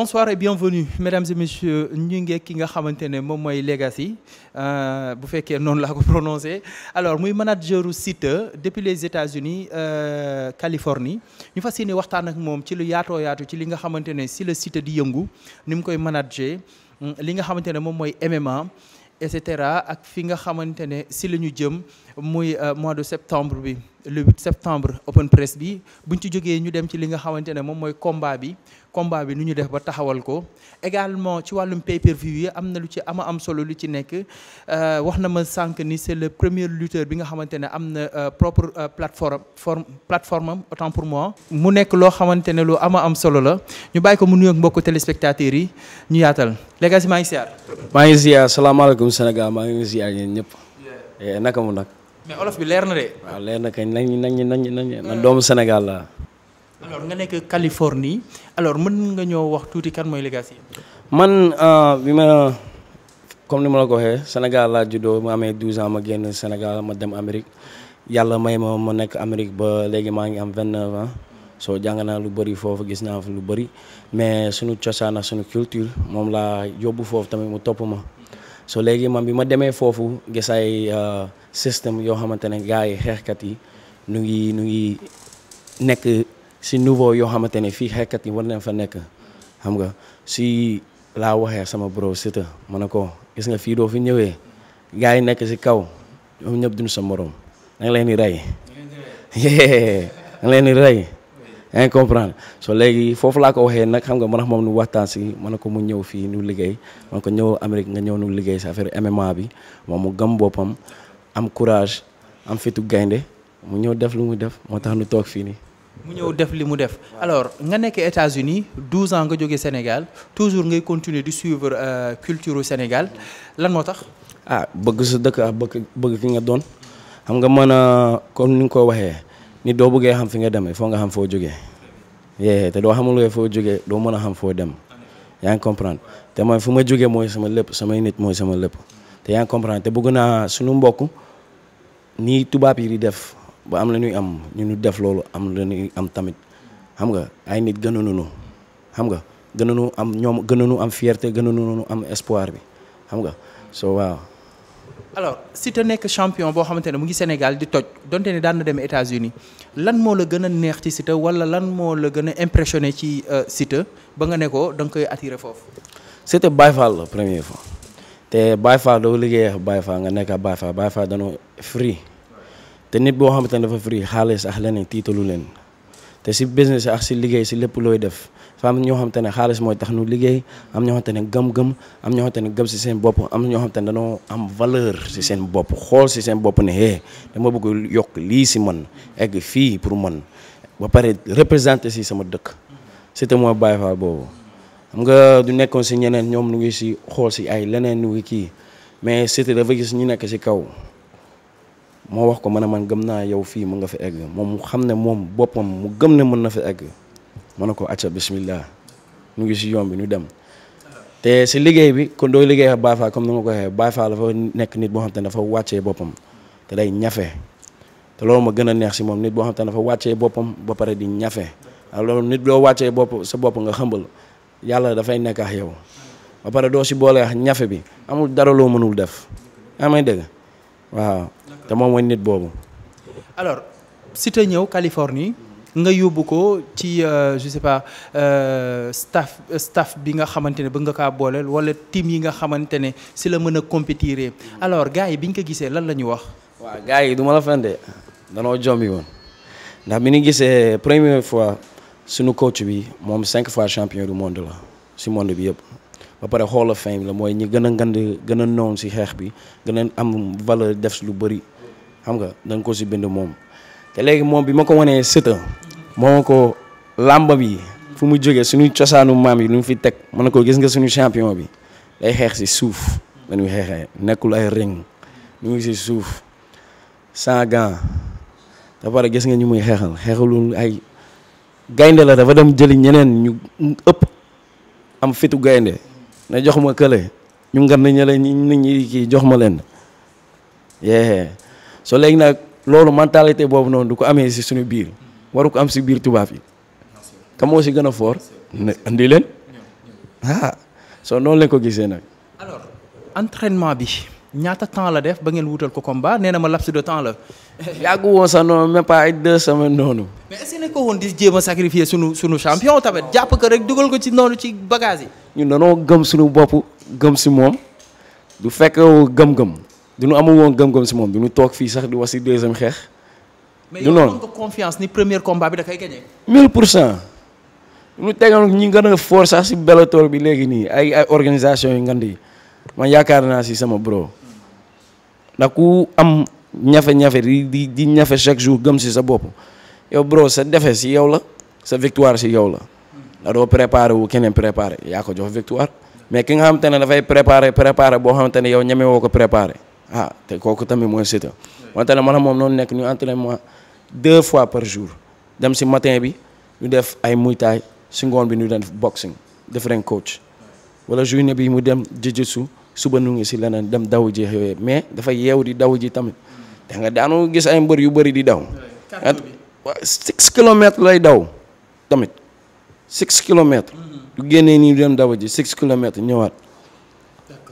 bonsoir et bienvenue mesdames et messieurs ñu ngi ki nga xamante ne moom mooy Legacy euh, bu fekkee noonu laa ko prononcé alors muy manager u Siteu depuis les États-Unis euh, Californie ñu fas yéene waxtaan ak moom ci lu yaatoo yaatu ci li nga xamante ne si la Siteu di yëngu ni mu koy manager mm, li nga xamante ne moom mooy MMA et cetera ak fi nga xamante ne si la ñu jëm. muy euh, mois de septembre bi le 8 septembre open press bi buñ ci jógee ñu dem ci li nga xamante ne moom mooy combat bi combat bi nu ñu def ba taxawal ko également ci wàllum pay-per-view yi am na lu ci ama am solo lu ci nekk euh, wax na ma sànq ni c'est le premier lutteur bi nga xamante ne am na euh, propre plateforme forme plateforme am pour moi. mu nekk loo xamante ne lu ama am solo la ñu bàyyi ko mu nuyoog mbokku téléspectateurs yi ñu yaatal léegi maa ngi ziar. maa ngi ziar salaamaaleykum Sénégal maa ngi ziar ñun ñëpp. Eh, naka mu nag. mais olof bi leer na de. waaw leer na kañ nañ nañ nañ nañ na doomu Sénégal la nga nekk Californie alors mën nga ñëw wax tuuti kan mooy Legassi. man euh, bi ma comme ni ma la ko waxee Sénégal laa juddoo mu amee 12 ans ma génn Sénégal ma dem Amérique yàlla may ma ma nekk Amérique ba léegi maa ngi am 29 ans soo jàng naa lu bari foofu gis naa fa lu bari mais suñu cosaan ak suñu culture moom laa yóbbu foofu tamit mu topp ma. so léegi man bi ma demee foofu gis ay euh, système yoo xamante ne gars yi xeexkat yi ñu ngi ñu ngi nekk si nouveau yoo xamante ne fii xeexkat yi war nañ fa nekk xam nga si laa waxee sama bro Siteu ma ne ko gis nga fii doo fi ñëwee gars yi nekk si kaw ñoom ñëpp duñu sa morom da leen di rey da nga leen rey incomprendre soo léegi foofu laa ko waxee nag xam nga man moom nu waxtaan si ma ne ko mu ñëw fii ñu liggéey ma ne ko ñëw Amérique nga nu liggéey si affaire MMA bi moom mu gëm boppam am courage am fitu gaynde mu ñëw def lu mu def moo tax nu toog fii nii. mu ñëw def li mu def alors nga nekk États-Unis 12 ans nga jóge Sénégal toujours ngay continuer di suivre euh, culture Sénégal lan moo tax. ah bëgg sa dëkk nga doon xam nga mën a kon ni nga ko waxee ni doo bëggee xam fi nga demee foo nga xam foo jógee. yee te doo xamul foo jógee doo mën a xam foo dem yaa ngi comprendre te man fu ma jógee mooy sama lépp samay nit mooy sama lépp te yaa ngi comprendre te bëgg naa suñu mbokk nii tubaab yi di def ba am la ñuy am ñu ñu def loolu am la ñuy am tamit xam nga ay nit gënuñu xam nga gënuñu am ñoom gënuñu am fierté gënuñu am espoir bi xam nga so waaw alors Siteu nekk champion boo xamante ne mu ngi Sénégal di toj donte ne daan na dem États-Unis lan moo la gën a neex ci Siteu wala lan moo la gën a impressionné ci euh, Siteu ba nga ne ko da nga koy attiré foofu. Siteu Baye Fall la première fois te Baye Fall doo liggéeyee Baye nga nekk ak Baye Fall danoo free te nit boo xamante ne dafa free xaalis ak leneen tiitalu leen te si business ak si liggéey si lépp looy def. dafa ñoo xam te ne xaalis mooy tax nu liggéey am ñoo xam te ne gëm-gëm am ñoo xam te ne gëm si seen bopp am ñoo xam te ne dañoo am valeur si seen bopp xool si seen bopp ne hee dama bëgg yokk lii si man egg fii pour man ba pare représenté si sama dëkk c'était mooy Baye Fall boobu xam nga du nekkoon si ñeneen ñoom ñu ngi si xool si ay leneen ñu ngi kii mais c'était dafa gis ñu nekk si kaw moo wax ko man a man gëm naa yow fii mën nga fi egg moom mu xam ne moom boppam mu gëm ne mën na fi egg ma ne ko acca bismillah ñu ngi si yoon bi ñu dem te si liggéey bi kon doo liggéey ak Baye Fall comme ni ko waxee Baye Fall nekk nit boo xam te ne dafa wàccee boppam te day ñafe te loolu ma gën a neex si moom nit boo xam te ne wàccee boppam ba pare di ñafe loolu nit doo wàccee bopp sa bopp nga xëmbal yàlla dafay nekk yow ba doo si boole ak ñafe bi amul dara loo mënul def amay dëgg te moom mooy nit boobu alors si te ñëw Californie nga yóbbu ko ci euh, je sais pas euh, staff euh, staff bi nga xamante ne bëgg nga kaa booleel wala team yi nga xamante ne si la mën a compétir mm. alors gars yi bi biñ ko gisee lan la ñu wax. waaw gars yi du ma la fende danoo jombi woon ndax bi ni gisee première fois suñu coach bi moom cinq fois champion du monde la si monde bi yëpp. ba pare hall of fame la mooy ñi gën a ngand gën a noon si xeex bi gën a am valeur def lu bëri xam nga dañ ko si bind moom. te léegi moom bi ma ko wanee sëta moo ko làmba bi fu mu jógee suñu cosaanu maam yi lu mu fi teg mën na ko gis nga suñu champion bi day xeex si suuf dañuy xeexee nekkul ay ring ñu ngi si suuf sans gant da pare gis nga ñu muy xeexal xeexalul ay gaynde la dafa dem jëli ñeneen ñu ëpp am fitu gaynde na jox ma kële ñu ngan na ñële ñi nit ñi kii jox ma leen yee loolu mentalité boobu noonu du ko amee si suñu biir waru ko am si biir tubaab yi ka moo si gën a fort ne leen ah soo noonu lañ ko gisee nag. alors entraînement bi ñaata temps la def ba ngeen wutal ko combat nee na ma laps de temps la. yàggu woon sa noonu même pas ay semaine noonu. mais est-ce ko woon di jéem a sacrifier suñu sunu champion tamit jàpp ko rek dugal ko ci noonu ci bagage yi. ñun danoo gëm suñu bopp gëm si moom du fekk gëm-gëm. du ñu amul woon gëm-gëm si moom du ñu toog fii sax di wax si deuxième xeex. du noonu mais nga confiance ni premier combat bi da koy gagné. 1000 pour cent ñu tegal ñi gën a sax si Bellator bi léegi nii ay ay organisation yu ngand yi man yaakaar naa si sama bro ndax ku am ñafe-ñafe di di di ñafe chaque jour gëm si sa bopp yow bro sa defe si yow la sa victoire si yow la da doo préparé wu keneen préparé yaa ko jox victoire mais ki nga xamante ne dafay préparé préparé boo xamante ne yow ñeme woo ko préparer ah te kooku tamit mooy Siteu wante la man moom noonu nekk ñu entraînement deux fois par jour dem si matin bi ñu def ay muay thai si ngoon bi ñu def boxing def ren coach wala journée bi mu dem jiu-jitsu suba nu ngi si leneen dem daw ji mais dafa yeew di daw ji tamit da nga daanu gis ay mbër yu bëri di daw. six kilomètres lay daw tamit six kilomètres. du mm-hmm. génnee nii dem daw ji six kilomètres ñëwaat.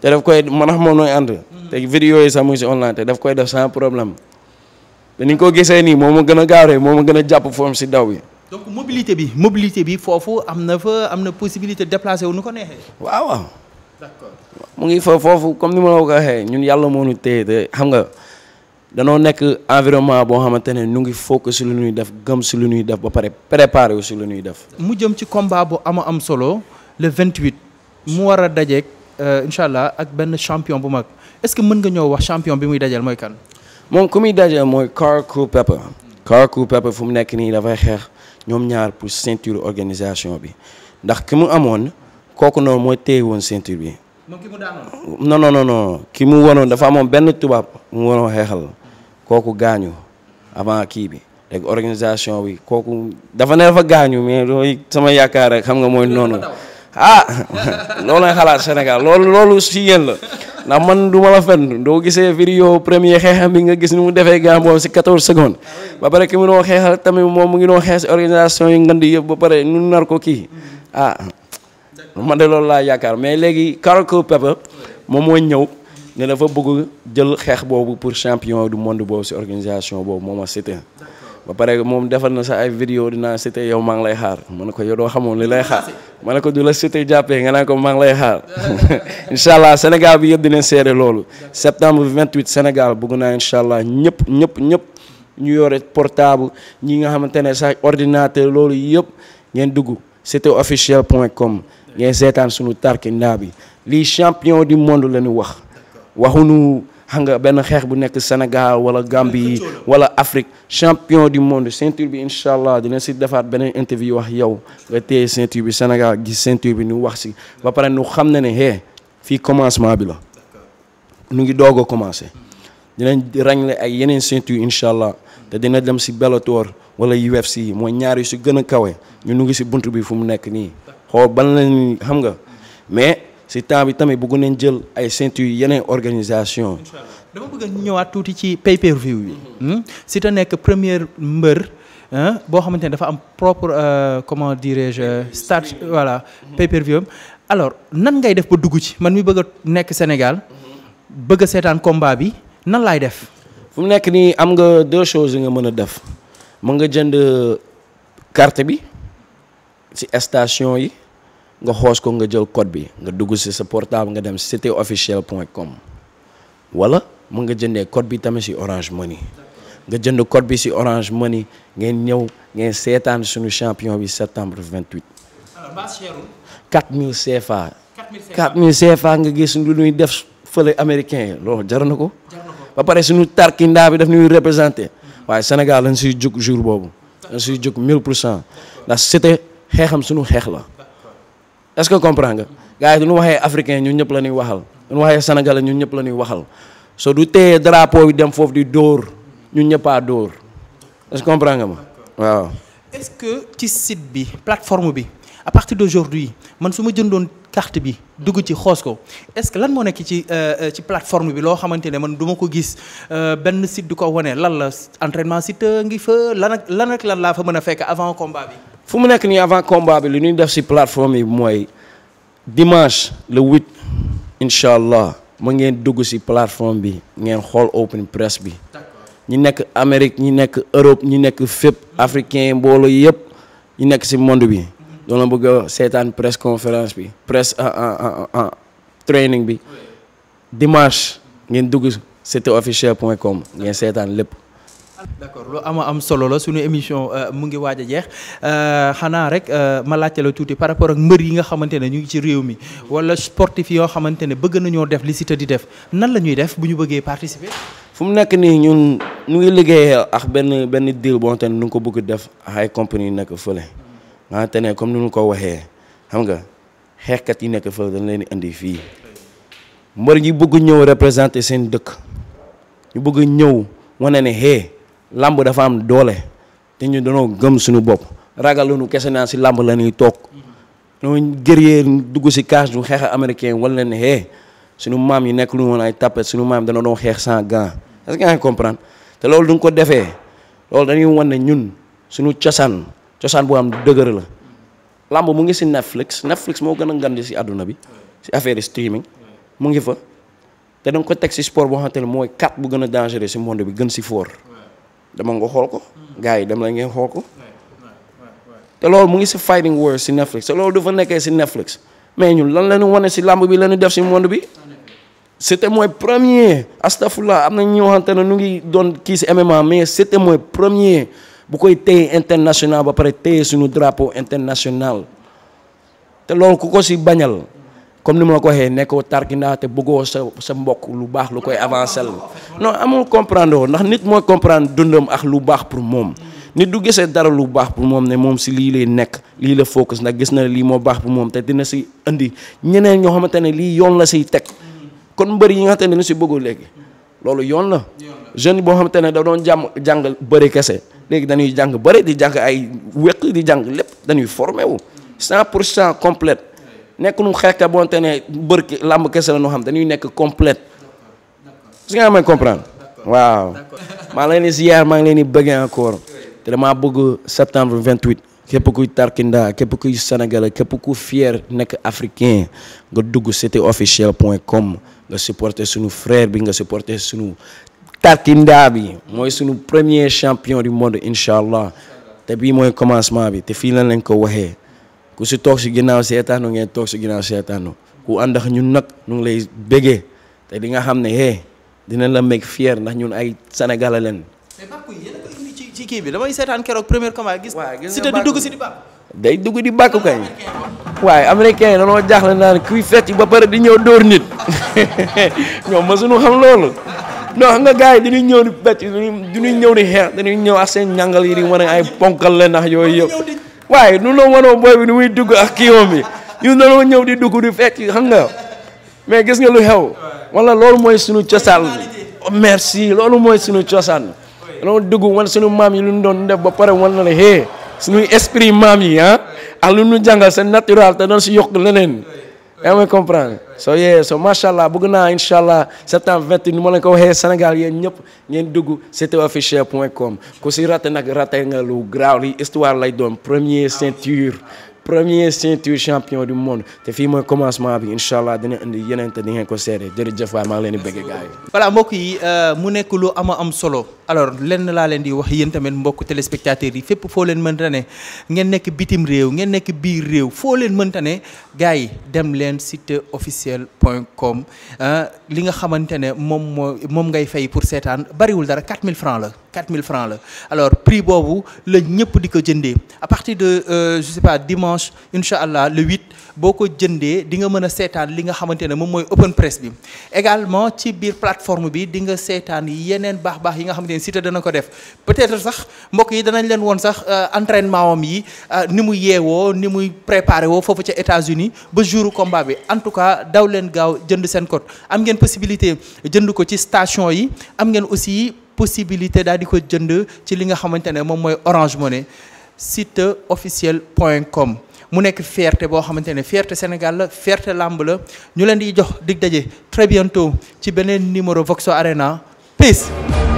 te daf koy man moom nooy ànd. te vidéo yi sax mu ngi si online te daf koy def sans problème te ni nga ko gisee nii moom ma gën a gaawee moom ma gën a jàpp forme si daw bi. donc bi mobilité bi foofu am na fa am na possibilité déplacé wu nu ko neexee. waaw waaw. mu ngi fa foofu comme ni ma la waxee ñun yàlla moo nu téye te xam nga danoo nekk environnement boo xamante ne ñu ngi focus si lu ñuy def gëm si lu ñuy def ba pare préparé wu si lu ñuy def. mu jëm ci combat bu ama am solo le 28 mu war a dajeek Euh, incha allah ak benn champion bu mag est-ce que mën nga ñoo wax champion bi muy dajal mooy kan. moom ku muy dajal mooy Karl Culpepper. Karl Culpepper fu mu nekk nii dafay xeex ñoom ñaar pour ceinture organisation bi ndax ki mu amoon kooku noonu mooy téye woon ceinture bi. moom ki mu mu wanoon dafa amoon benn tubaab mu wanoon xeexal kooku gaañu avant kii bi. léegi organisation bi kooku dafa ne dafa gaañu mais sama yaakaar rek xam nga mooy noonu. ah loolay xalaat Sénégal loolu loolu si yéen la ndax man du ma la fenn doo gisee vidéo premier xeexam bi nga gis ni mu defee gàmm boobu si 14 secondes ba pare ki mu doon xeexal tamit moom mu ngi doo xeex si organisation yi ngand yëpp ba pare ñu nar ko kii ah man de loolu laa yaakaar mais léegi Karol Pepe moom moo ñëw ne dafa bëgg jël xeex boobu pour champion du monde boobu si organisation boobu moom a ba pare moom defar na sa ay vidéo dinaa cité yow maa ngi lay xaar ma ne ko yow doo xamoon li lay xaar ma ne ko du la cité jàppee nga naan ko maa ngi lay Sénégal yëpp dinañ seede loolu septembre 28 Sénégal bëgg naa incha allah ñëpp ñëpp ñëpp ñu yore portable ñi nga xamante ne sax ordinateur loolu yëpp ngeen dugg c'était officiel point com ngeen seetaan suñu tarkindaa bi lii champion du monde la ñu wax waxuñu xam nga benn xeex bu nekk Sénégal wala Gambie wala Afrique champion du monde ceinture bi incha allah dina si defaat beneen interview wax yow nga téye ceinture bi Sénégal gis ceinture bi ñu wax si ba pare nu xam ne ne hee fii commencement bi la nu ngi doog a commencé dinañ ràññale ay yeneen ceinture incha allah te dina dem si Bellator wala UFC mooy ñaar yu si gën a kawe ñu nu ngi si bunt bi fu mu nekk nii xool ban lañ xam nga mais. si temps bi tamit bëgg nañ jël ay ceinture yeneen organisation dama bëgg a ñëwaat tuuti ci pay per bi hmm? si te nekk première mbër boo xamante ne dafa am propre euh, comment dirais-je stade voilà pay per alors nan ngay def ba dugg ci man mi bëgg nekk Sénégal bëgg seetaan combat bi nan laay def fu mu nekk nii am nga deux choses yi nga mën a def mën nga jënd carte bi si station yi nga xoos ko nga jël code bi nga dugg si sa portable nga dem c'était officiel point com wala mu nga jëndee code bi tamit si Orange Money nga jënd code bi si Orange Money ngeen ñëw ngeen seetaan suñu champion bi septembre 28. alors base cherul. 4000 CFA. 4000 CFA nga gis lu ñuy def fële américain yi loolu jar na ko. ba pare suñu tarkindaa bi daf ñuy représenté. waaye Sénégal lañ siy jug jour boobu. lañ siy jug 1000 pour cent ndax c'était xeexam suñu xeex la. est-ce que comprendre nga gars yi du waxee africain ñun ñëpp la ñuy waxal du ñu waxee sénégalais ñun ñëpp la ñuy waxal so du téye drapeau bi dem foofu di dóor ñu ñëpp a dóor est-ce que comprendre nga ma waaw. est-ce que ci site bi plateforme bi. à partir d'aujourd'hui man su ma jëndoon carte bi dugg ci xoos ko est-ce que lan moo nekk ci euh, euh, ci plateforme bi loo xamante ne man duma ko gis euh, benn site du ko wane lan la entraînement site ngi fa lan ak lan lan laa fa mën a fekk avant combat bi. fu mu nekk nii avant combat bi li ñuy def si plateforme yi mooy dimanche le 8 incha allah ma ngeen dugg si plateforme bi ngeen xool open press bi. ñi nekk Amérique ñi nekk Europe ñi nekk fépp africain mbooloo yëpp ñi nekk ci monde bi. doon la bëgg seetaan presse conférence bi presse ah, ah, ah, training bi dimanche ngeen dugg c'était officiel point com ngeen seetaan lépp. d'accord lu ama am solo la suñu émission euh, mu ngi waaj a jeex euh, xanaa rek euh, ma laajte la tuuti par rapport ak mbër yi nga xamante ne ñu ngi ci réew mi wala sportif yoo xamante ne bëgg nañoo def li Siteu di def nan la ñuy def bu ñu bëggee participer. fu mu nekk nii ñu ñu ngi liggéey ak benn benn deal boo xam ne nu ngi ko bëgg def ay compagnie nekk fële. nga ah, teneen comme ni ñu ko waxee xam nga xeexkat yi nekk fa dañ leen di indi fii mbër ñi bugg ñëw représenter seen dëkk ñu bugg ñëw wane ne hee làmb dafa am doole te ñu danoo gëm suñu bopp nu kese naa si làmb la ñuy toog ñooñu guerrier dugg si cage du xeex américain wala leen ne hee suñu maam yi nekk lu woon ay tapet suñu maam dana doon xeex sans gant est-ce que nga comprendre te loolu duñ ko defee loolu dañuy wan ne ñun suñu cosaan cosaan boo am dëgër la lamb mu ngi si Netflix Netflix moo gën a ngandi si àdduna bi si affaire streaming mu ngi fa te da nga ko teg si sport boo xamante ne mooy kat bu gën a dangereux si monde bi gën si foor dama nga xool ko gars yi dem la ngeen xool ko te loolu mu ngi si fighting words si Netflix te loolu du fa nekkee si Netflix mais ñu lan la ñu wane si lamb bi la def si monde bi c'était mooy premier astafurlah am na ñoo xamante ne ñu ngi doon kii si MMA mais c'était mooy premier. bu koy teyee international ba pare téye suñu drapeau international te loolu ku ko si bañal comme ni ma la ko waxee nekkoo tarkindaa te bëggoo sa sa mbokk lu baax lu koy avancé la non amul comprendre ndax nit mooy comprendre dundam ak lu baax pour moom nit du gisee dara lu baax pour moom ne moom si lii lay nekk lii la focus ndax gis na lii moo baax pour moom te dina si indi ñeneen ñoo xamante ne lii yoon la siy teg kon mbër yi nga xamante ne ñu si bëggu léegi loolu yoon la jeune boo xamante ne da doon jàmm jàng bëri kese léegi dañuy jàng bëri di jàng ay wéq di jàng lépp dañuy formé wu cent pour cent complète nekk nu xeexka bonte ne bërki làmb kese la noo xam dañuy nekk complète si nga may comprendre waaw maa ngi leen di ziar maa ngi bëgg di bëggee encore te damaa bëgg septembre 28 képp kuy tarkinda képp kuy sénégalais képp ku fier nekk africain nga dugg c'était officiel point com nga supporter suñu frère bi nga supporter suñu tarkindaa bi mooy sunu premier champion du monde in allah te bii mooy commencement bi te fii lan lañ ko waxee ku si toog si ginnaaw seetaanu ngeen toog si ginnaaw seetaanu ku àndax ñun nag ñu ngi lay bégee te di nga xam ne hé la meg fier ndax ñun ay sénégalais leen. a ko ci kii bi damay seetaan keroog premier combat gis. waaw gis nga Bakou si te di day dugg di bàkk kañ. waaye américain yi dañoo jaaxle naan kuy fecc ba pare di ñëw door nit ñoom ma suñu xam loolu. non xam nga gars yi dañuy ñëw di becc dañuy ñëw di xeex dañuy ñëw ak seen ñàngal yi di wane ay ponkal leen ndax yooyu yëpp waaye nu la wanoo booy bi nu muy dugg ak kii woom bi ñun dañoo ñëw di dugg di fecc xam nga mais gis nga lu xew wala loolu mooy suñu cosaan merci loolu mooy suñu cosaan loolu dugg wan suñu maam yi lu ñu doon def ba pare wan na la hee suñuy esprit maam yi ah ak lu ñu jàngal seen natural te doon si yokk leneen yaa ngi comprendre soo yee soo macha allah bëgg naa incha allah septembre vingt ma leen ko waxee Sénégal yéen ñëpp ngeen dugg c'était officiel point com ku si raté nag raté nga lu graaw li histoire lay doon premier ceinture. premier ceinture champion du monde te fii mooy commencement bi incha allah dina indi yeneen te di ko seede jërëjëf waay maa ngi leen di bëgg gars yi. mbokk yi euh, mu nekk lu ama am solo alors lenn laa leen di wax yéen tamit mbokk téléspectateurs yi fépp foo leen mënta ne ngeen nekk bitim réew ngeen nekk biir réew foo leen mënta ne gars yi dem leen site officiel point com euh, li nga xamante ne moom moo moom ngay fay pour seetaan bariwul dara mille francs la. 4000 francs la alors prix boobu la ñëpp di ko jëndee à partir de euh, je sais pas dimanche incha allah le 8 boo ko jëndee di nga mën a seetaan li nga xamante ne moom mooy open press bi également ci biir plateforme bi di nga seetaan yeneen baax baax yi nga xamante ne Siteu dana ko def peut-être sax mbokk yi danañ leen woon sax euh, entraînement am yi euh, ni mu yeewoo ni muy préparé woo foofu ca États-Unis ba jouru combat bi en tout cas daw leen gaaw jënd seen code am ngeen possibilité jënd ko ci yi possibilité daal di ko jënd ci li nga xamante ne moom mooy Orange ne site officiel point com mu nekk fierté boo xamante ne fierté Sénégal la fierté làmb la ñu leen di jox dig daje très bientôt ci beneen numéro Voxo Arena peace